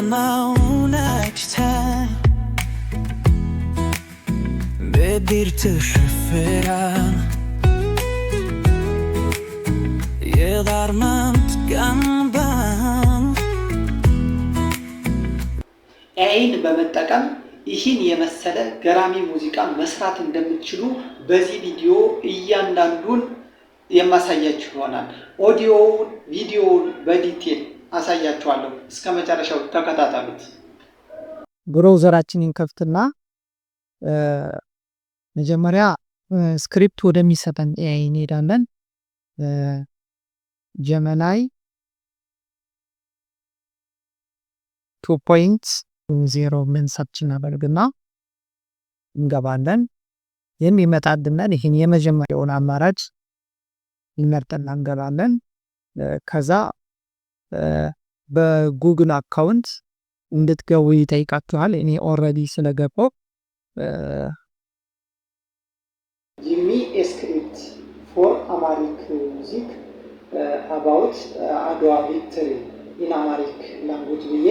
on my own next time Ve bir tür feran Yıllar mantgan ben ኤአይን በመጠቀም ይህን የመሰለ ገራሚ ሙዚቃ መስራት እንደምትችሉ በዚህ ቪዲዮ እያንዳንዱን የማሳያችሁ ይሆናል። ኦዲዮውን፣ ቪዲዮውን በዲቴል አሳያችኋለሁ። እስከ መጨረሻው ተከታተሉት። ብሮዘራችንን ከፍትና መጀመሪያ ስክሪፕት ወደሚሰጠን ኤአይ እንሄዳለን። ጀመናይ ቱ ፖይንት ዜሮ ምን ሰርች እናደርግና እንገባለን። የሚመጣልንን ይህን የመጀመሪያውን አማራጭ ይመርጥና እንገባለን። ከዛ በጉግል አካውንት እንድትገቡ ይጠይቃችኋል። እኔ ኦልሬዲ ስለገባው ጊሚ ስክሪፕት ፎር አማሪክ ሙዚክ አባውት አድዋ ቪክትሪ ኢን አማሪክ ላንጉጅ ብዬ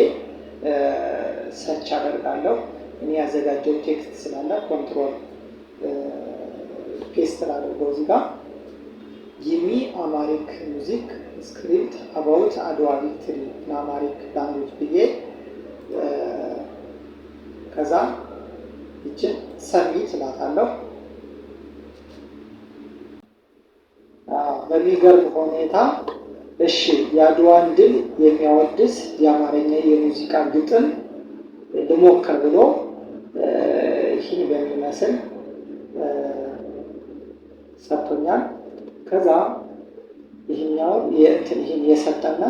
ሰርች uh, አደርጋለሁ። እኔ ያዘጋጀው ቴክስት ስላለ ኮንትሮል ፔስት አድርገው እዚህ ጋር ጊሚ አማሪክ ሙዚክ ስክሪፕት አባውት አድዋ ቪክትሪ እና ላንጉጅ ብዬ ከዛ ይችን ሰሚ ስላታለሁ። በሚገርም ሁኔታ እሺ የአድዋን ድል የሚያወድስ የአማርኛ የሙዚቃ ግጥም ልሞክር ብሎ ይህ በሚመስል ሰጥቶኛል። ከዛ ይህኛውን የእንትን ይህን የሰጠና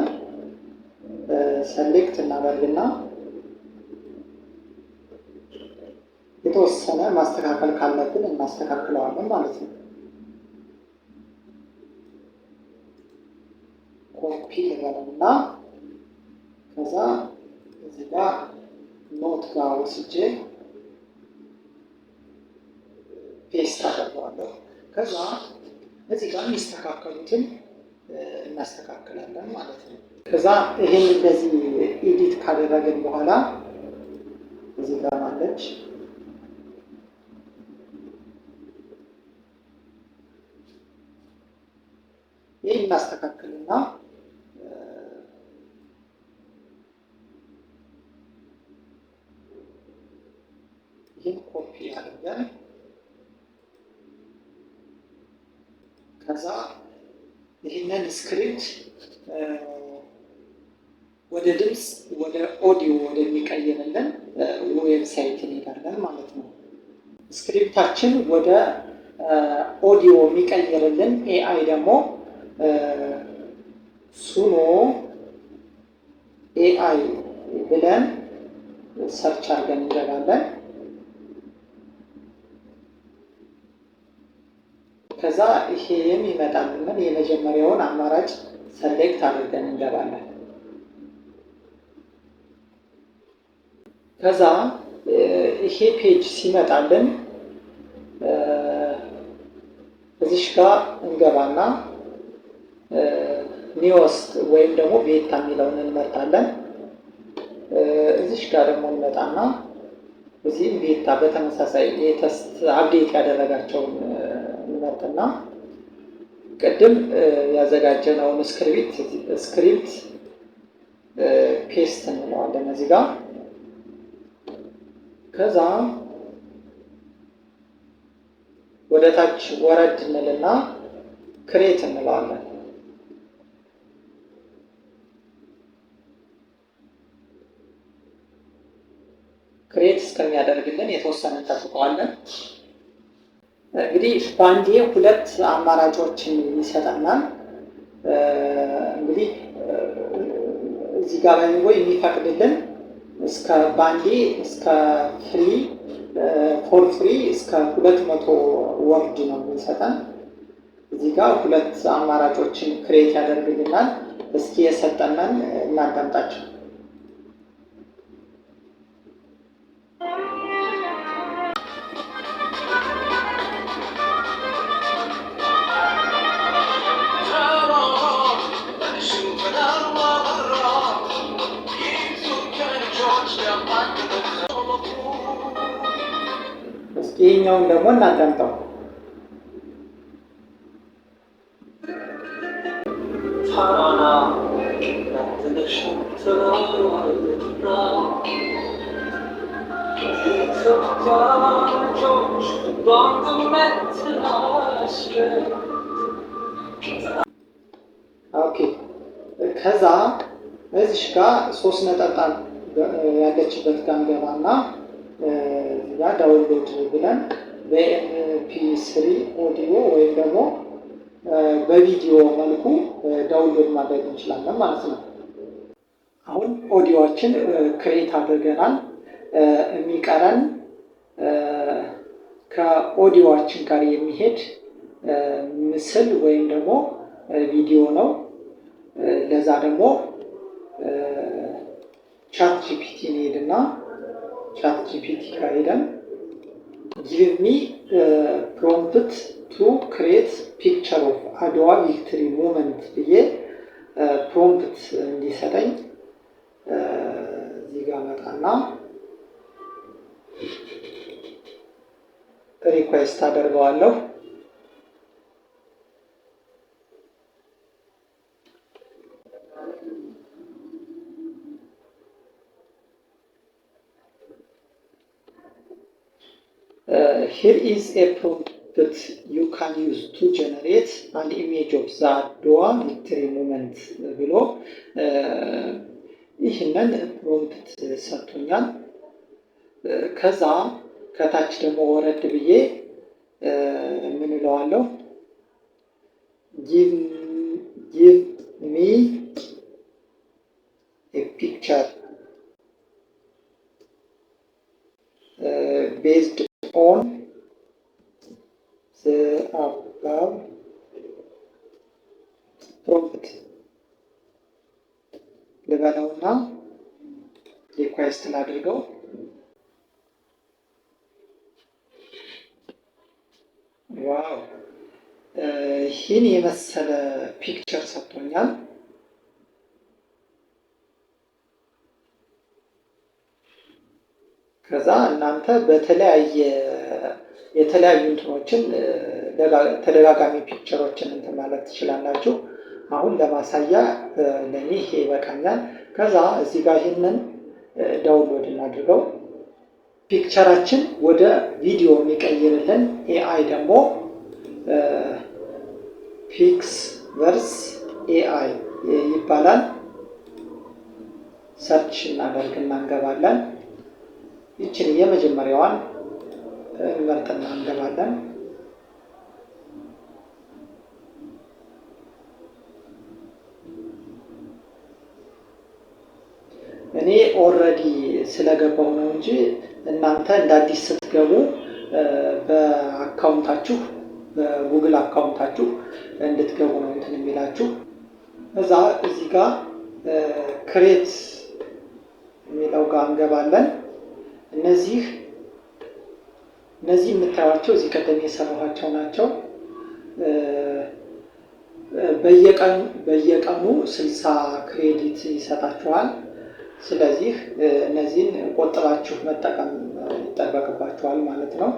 ሰሌክት እናደርግና የተወሰነ ማስተካከል ካለብን እናስተካክለዋለን ማለት ነው። ኮፒ ልበልና ከዛ እዚህ ጋር ኖት ጋ ወስጄ ፔስት አደርገዋለሁ። ከዛ እዚህ ጋር የሚስተካከሉትን እናስተካክላለን ማለት ነው። ከዛ ይሄን እንደዚህ ኢዲት ካደረግን በኋላ እዚህ ጋር ማለች ይህ እናስተካክልና ስክሪፕት ወደ ድምፅ ወደ ኦዲዮ ወደሚቀይርልን ዌብሳይት ይደርጋል ማለት ነው። ስክሪፕታችን ወደ ኦዲዮ የሚቀይርልን ኤአይ ደግሞ ሱኖ ኤአይ ብለን ሰርች አድርገን እንገባለን። ከዛ ይሄ የሚመጣልንን የመጀመሪያውን አማራጭ ሰሌክት አድርገን እንገባለን። ከዛ ይሄ ፔጅ ሲመጣልን እዚሽ ጋር እንገባና ኒወስት ወይም ደግሞ ቤታ የሚለውን እንመርጣለን። እዚሽ ጋር ደግሞ እንመጣና እዚህም ቤታ በተመሳሳይ የቴስት አብዴት ያደረጋቸውን እንመርጥና ቅድም ያዘጋጀነውን ስክሪፕት ስክሪፕት ፔስት እንለዋለን እዚህ ጋር ከዛ ወደ ታች ወረድ እንልና ክሬት እንለዋለን። ክሬት እስከሚያደርግልን የተወሰነ እንጠብቀዋለን። እንግዲህ ባንዴ ሁለት አማራጮችን ይሰጠናል። እንግዲህ እዚህ ጋር ላይ የሚፈቅድልን እስከ ባንዴ እስከ ፍሪ ፎር ፍሪ እስከ ሁለት መቶ ወርድ ነው የሚሰጠን። እዚህ ጋር ሁለት አማራጮችን ክሬት ያደርግልናል። እስኪ የሰጠናን እናዳምጣቸው። ይሄኛውን ደግሞ እናዳምጠው። ኦኬ ከዛ እዚሽ ጋ ሶስት ነጠብጣብ ያለችበት ጋር እንገባና ጋ ዳውንሎድ ብለን በኤምፒ ስሪ ኦዲዮ ወይም ደግሞ በቪዲዮ መልኩ ዳውንሎድ ማድረግ እንችላለን ማለት ነው። አሁን ኦዲዮችን ክሬት አድርገናል። የሚቀረን ከኦዲዮችን ጋር የሚሄድ ምስል ወይም ደግሞ ቪዲዮ ነው። ለዛ ደግሞ ቻት ጂፒቲ እንሄድና ቻት ጂፒቲ ጋር ሄደን ጊቭ ሚ ፕሮምፕት ቱ ክሬት ፒክቸር ኦፍ አድዋ ቪክትሪ ሞመንት ብዬ ፕሮምፕት uh, እንዲሰጠኝ uh, እዚህ ጋር መጣና ሪኩዌስት አደርገዋለሁ። Here is a prompt that you can use to generate an image of the Adwa military movement ብሎ ይህንን ፕሮምፕት ሰጥቶኛል። ከዛ ከታች ደግሞ ወረድ ብዬ ምን እለዋለሁ ጊቭ ከዛ እናንተ በተለያየ የተለያዩ እንትኖችን ተደጋጋሚ ፒክቸሮችን እንትን ማለት ትችላላችሁ። አሁን ለማሳያ ለእኔ ይሄ ይበቃኛል። ከዛ እዚህ ጋር ይህንን ዳውንሎድ እናድርገው። ፒክቸራችን ወደ ቪዲዮ የሚቀይርልን ኤአይ ደግሞ ፒክስ ቨርስ ኤአይ ይባላል። ሰርች እናደርግ እናንገባለን። ይችን የመጀመሪያዋን እንመርጥና እንገባለን። እኔ ኦልሬዲ ስለገባው ነው እንጂ እናንተ እንደ አዲስ ስትገቡ በአካውንታችሁ በጉግል አካውንታችሁ እንድትገቡ ነው እንትን የሚላችሁ። እዛ እዚህ ጋር ክሬት የሚለው ጋር እንገባለን። እነዚህ እነዚህ የምታዩቸው እዚህ ቀደም የሰራኋቸው ናቸው። በየቀኑ ስልሳ ክሬዲት ይሰጣችኋል። ስለዚህ እነዚህን ቆጥባችሁ መጠቀም ይጠበቅባችኋል ማለት ነው።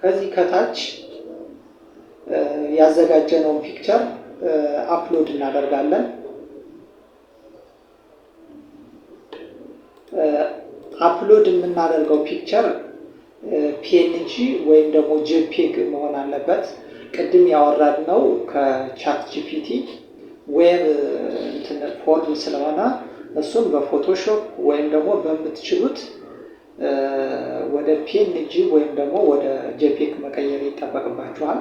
ከዚህ ከታች ያዘጋጀነውን ፒክቸር አፕሎድ እናደርጋለን። አፕሎድ የምናደርገው ፒክቸር ፒኤንጂ ወይም ደግሞ ጄፒግ መሆን አለበት። ቅድም ያወራድ ነው ከቻት ጂፒቲ ዌብ ፎርም ስለሆነ እሱን በፎቶሾፕ ወይም ደግሞ በምትችሉት ወደ ፒኤንጂ ወይም ደግሞ ወደ ጄፒግ መቀየር ይጠበቅባችኋል።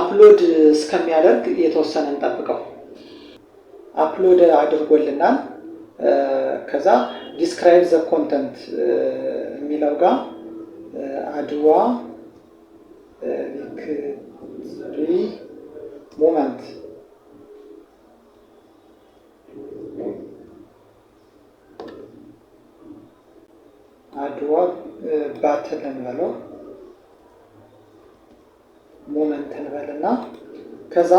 አፕሎድ እስከሚያደርግ የተወሰነ እንጠብቀው። አፕሎድ አድርጎልናል። ከዛ ዲስክራይብ ዘ ኮንተንት የሚለው ጋር አድዋ ቪክትሪ ሞመንት አድዋ ባትል እንበለው ሞመንት እንበል እንበልና ከዛ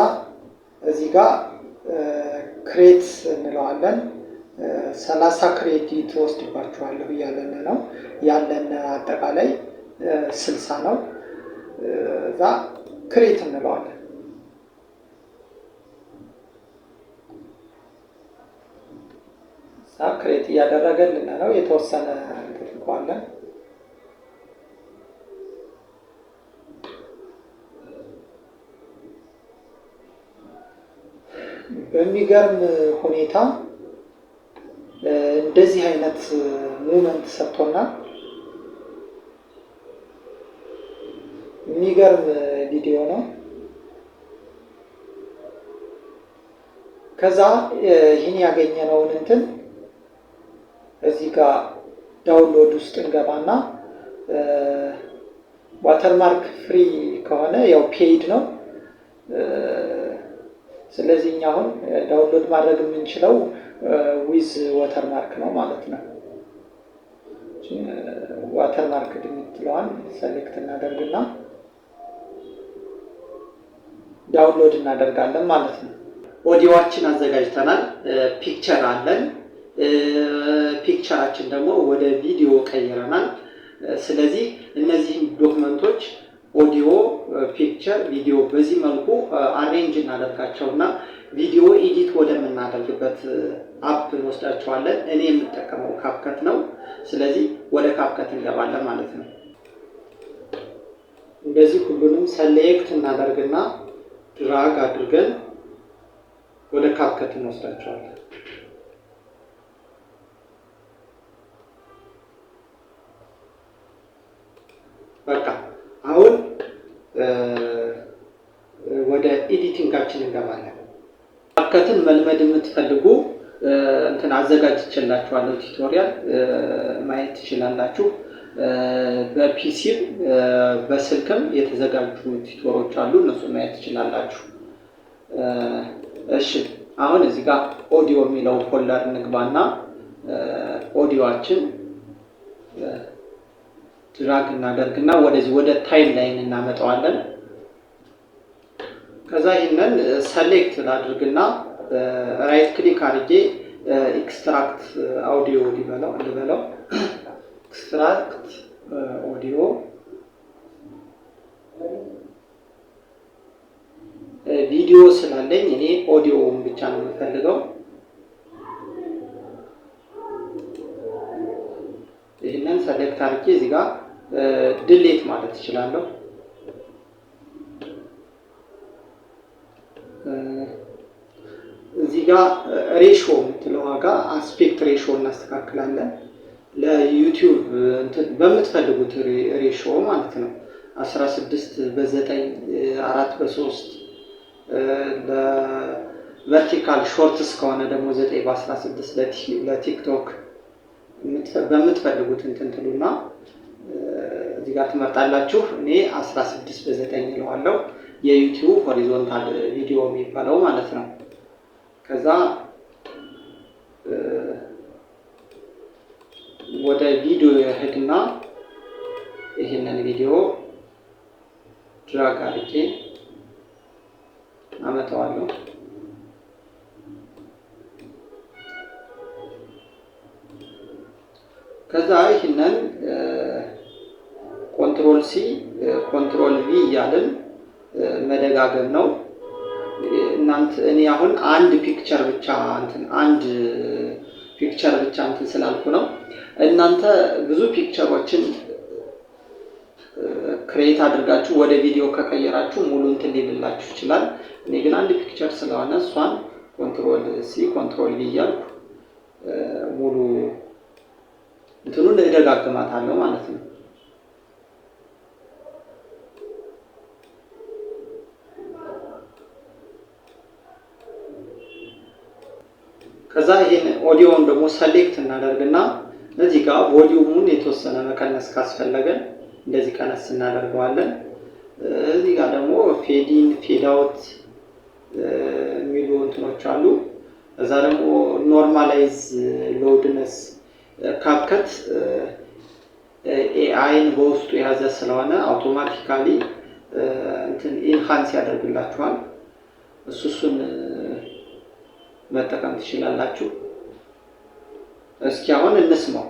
እዚህ ጋር ክሬት እንለዋለን ሰላሳ ክሬዲት ወስድባችኋለሁ እያለን ነው ያለን አጠቃላይ ስልሳ ነው። እዛ ክሬት እንለዋለን። እዛ ክሬት እያደረገልን ነው የተወሰነ እንኳለን በሚገርም ሁኔታ አይነት ሙመንት ሰጥቶና የሚገርም ቪዲዮ ነው። ከዛ ይህን ያገኘነውን እንትን እዚህ ጋር ዳውንሎድ ውስጥ እንገባና ዋተርማርክ ፍሪ ከሆነ ያው ፔይድ ነው። ስለዚህ እኛ አሁን ዳውንሎድ ማድረግ የምንችለው ዊዝ ወተር ማርክ ነው ማለት ነው። ዋተር ማርክ ድምትለዋል ሰሌክት እናደርግና ዳውንሎድ እናደርጋለን ማለት ነው። ኦዲዮችን አዘጋጅተናል። ፒክቸር uh, አለን። ፒክቸራችን uh, ደግሞ ወደ ቪዲዮ ቀይረናል። uh, ስለዚህ እነዚህን ዶክመንቶች ኦዲዮ፣ ፒክቸር፣ ቪዲዮ በዚህ መልኩ አሬንጅ እናደርጋቸውና ቪዲዮ ኢዲት ወደምናደርግበት አፕ እንወስዳቸዋለን። እኔ የምጠቀመው ካፕከት ነው። ስለዚህ ወደ ካፕከት እንገባለን ማለት ነው። እንደዚህ ሁሉንም ሰሌክት እናደርግና ድራግ አድርገን ወደ ካፕከት እንወስዳቸዋለን። በቃ አሁን ወደ ኤዲቲንጋችን እንገባለን። ካፕከትን መልመድ የምትፈልጉ እንትን አዘጋጅቼላችኋለሁ ቱቶሪያል ማየት ትችላላችሁ። በፒሲም በስልክም የተዘጋጁ ቱቶሮች አሉ፣ እነሱ ማየት ትችላላችሁ። እሺ አሁን እዚህ ጋር ኦዲዮ የሚለው ፎልደር እንግባና ኦዲዮችን ድራግ እናደርግና ወደዚህ ወደ ታይም ላይን እናመጣዋለን። ከዛ ይህንን ሰሌክት ላድርግና ራይት ክሊክ አድርጌ ኤክስትራክት አውዲዮ ሊበለው ልበለው ኤክስትራክት ኦዲዮ ቪዲዮ ስላለኝ እኔ ኦዲዮውን ብቻ ነው የምፈልገው። ይህንን ሰሌክት አድርጌ እዚህ ጋር ድሌት ማለት እችላለሁ። ጋር ሬሾ uh, የምትለው ዋጋ አስፔክት ሬሾ እናስተካክላለን። ለዩቲዩብ uh, በምትፈልጉት ሬሾ ማለት ነው 16 በ9 4 በ3 ቨርቲካል ሾርትስ ከሆነ ደግሞ 9 በ16 ለቲክቶክ በምትፈልጉት እንትን ትሉና uh, እዚህ ጋር ትመርጣላችሁ። እኔ 16 በ9 እለዋለሁ። የዩቲዩብ ሆሪዞንታል ቪዲዮ የሚባለው ማለት ነው። ከዛ ወደ ቪዲዮ የሄድና ይህንን ቪዲዮ ድራግ አድርጌ አመጣዋለሁ። ከዛ ይህንን ኮንትሮል ሲ ኮንትሮል ቪ እያልን መደጋገም ነው። እናንተ እኔ አሁን አንድ ፒክቸር ብቻ እንትን አንድ ፒክቸር ብቻ እንትን ስላልኩ ነው። እናንተ ብዙ ፒክቸሮችን ክሬት uh, አድርጋችሁ ወደ ቪዲዮ ከቀየራችሁ ሙሉ እንትን ሊልላችሁ ይችላል። እኔ ግን አንድ ፒክቸር ስለሆነ እሷን ኮንትሮል ሲ ኮንትሮል ቪ እያልኩ uh, ሙሉ እንትኑን እደጋግማታለሁ ማለት ነው። ከዛ ይህን ኦዲዮውን ደግሞ ሰሌክት እናደርግና እዚህ ጋር ቮሊዩሙን የተወሰነ መቀነስ ካስፈለገን እንደዚህ ቀነስ እናደርገዋለን። እዚህ ጋር ደግሞ ፌዲን ፌዳውት የሚሉ እንትኖች አሉ። እዛ ደግሞ ኖርማላይዝ ሎድነስ ካፕከት ኤአይን በውስጡ የያዘ ስለሆነ አውቶማቲካሊ እንትን ኢንሃንስ ያደርግላችኋል። እሱሱን መጠቀም ትችላላችሁ። እስኪ አሁን እንስማው።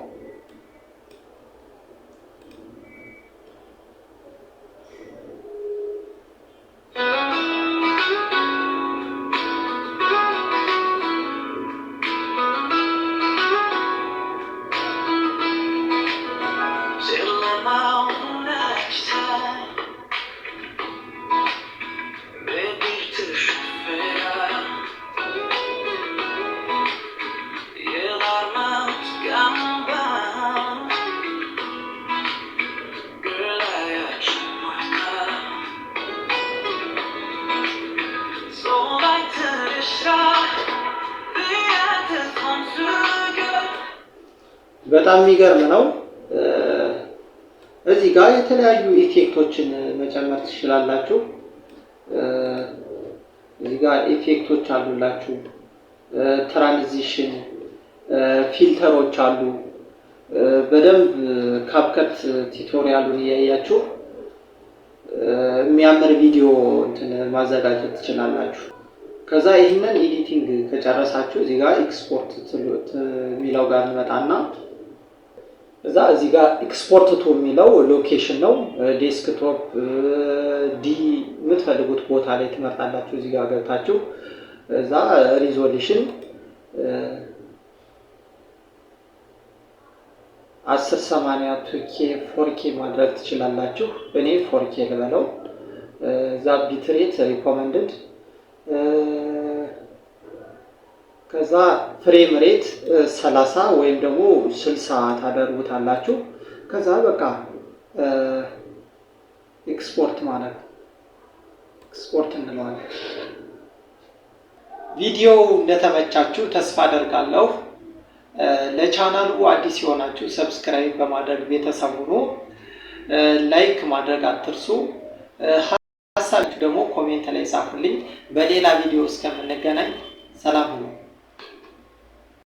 በጣም የሚገርም ነው። እዚህ ጋር የተለያዩ ኢፌክቶችን መጨመር ትችላላችሁ። እዚህ ጋር ኢፌክቶች አሉላችሁ። ትራንዚሽን ፊልተሮች አሉ። በደንብ ካፕከት ቲቶሪያሉን እያያችሁ የሚያምር ቪዲዮ እንትን ማዘጋጀት ትችላላችሁ። ከዛ ይህንን ኤዲቲንግ ከጨረሳችሁ እዚህ ጋር ኤክስፖርት የሚለው ጋር እንመጣና እዛ እዚህ ጋር ኤክስፖርት ቱ የሚለው ሎኬሽን ነው። ዴስክቶፕ ዲ የምትፈልጉት ቦታ ላይ ትመርጣላችሁ። እዚህ ጋር ገብታችሁ እዛ ሪዞሉሽን አስር ሰማንያ ቱኬ ፎርኬ ማድረግ ትችላላችሁ። እኔ ፎርኬ ልበለው። እዛ ቢትሬት ሪኮመንድድ ከዛ ፍሬም ሬት 30 ወይም ደግሞ 60 ታደርጉታላችሁ። ከዛ በቃ ኤክስፖርት ማለት ኤክስፖርት እንለዋለን። ቪዲዮው እንደተመቻችሁ ተስፋ አደርጋለሁ። ለቻናሉ አዲስ የሆናችሁ ሰብስክራይብ በማድረግ ቤተሰብ ሁኑ። ላይክ ማድረግ አትርሱ። ሀሳባችሁ ደግሞ ኮሜንት ላይ ጻፉልኝ። በሌላ ቪዲዮ እስከምንገናኝ ሰላም ሁኑ።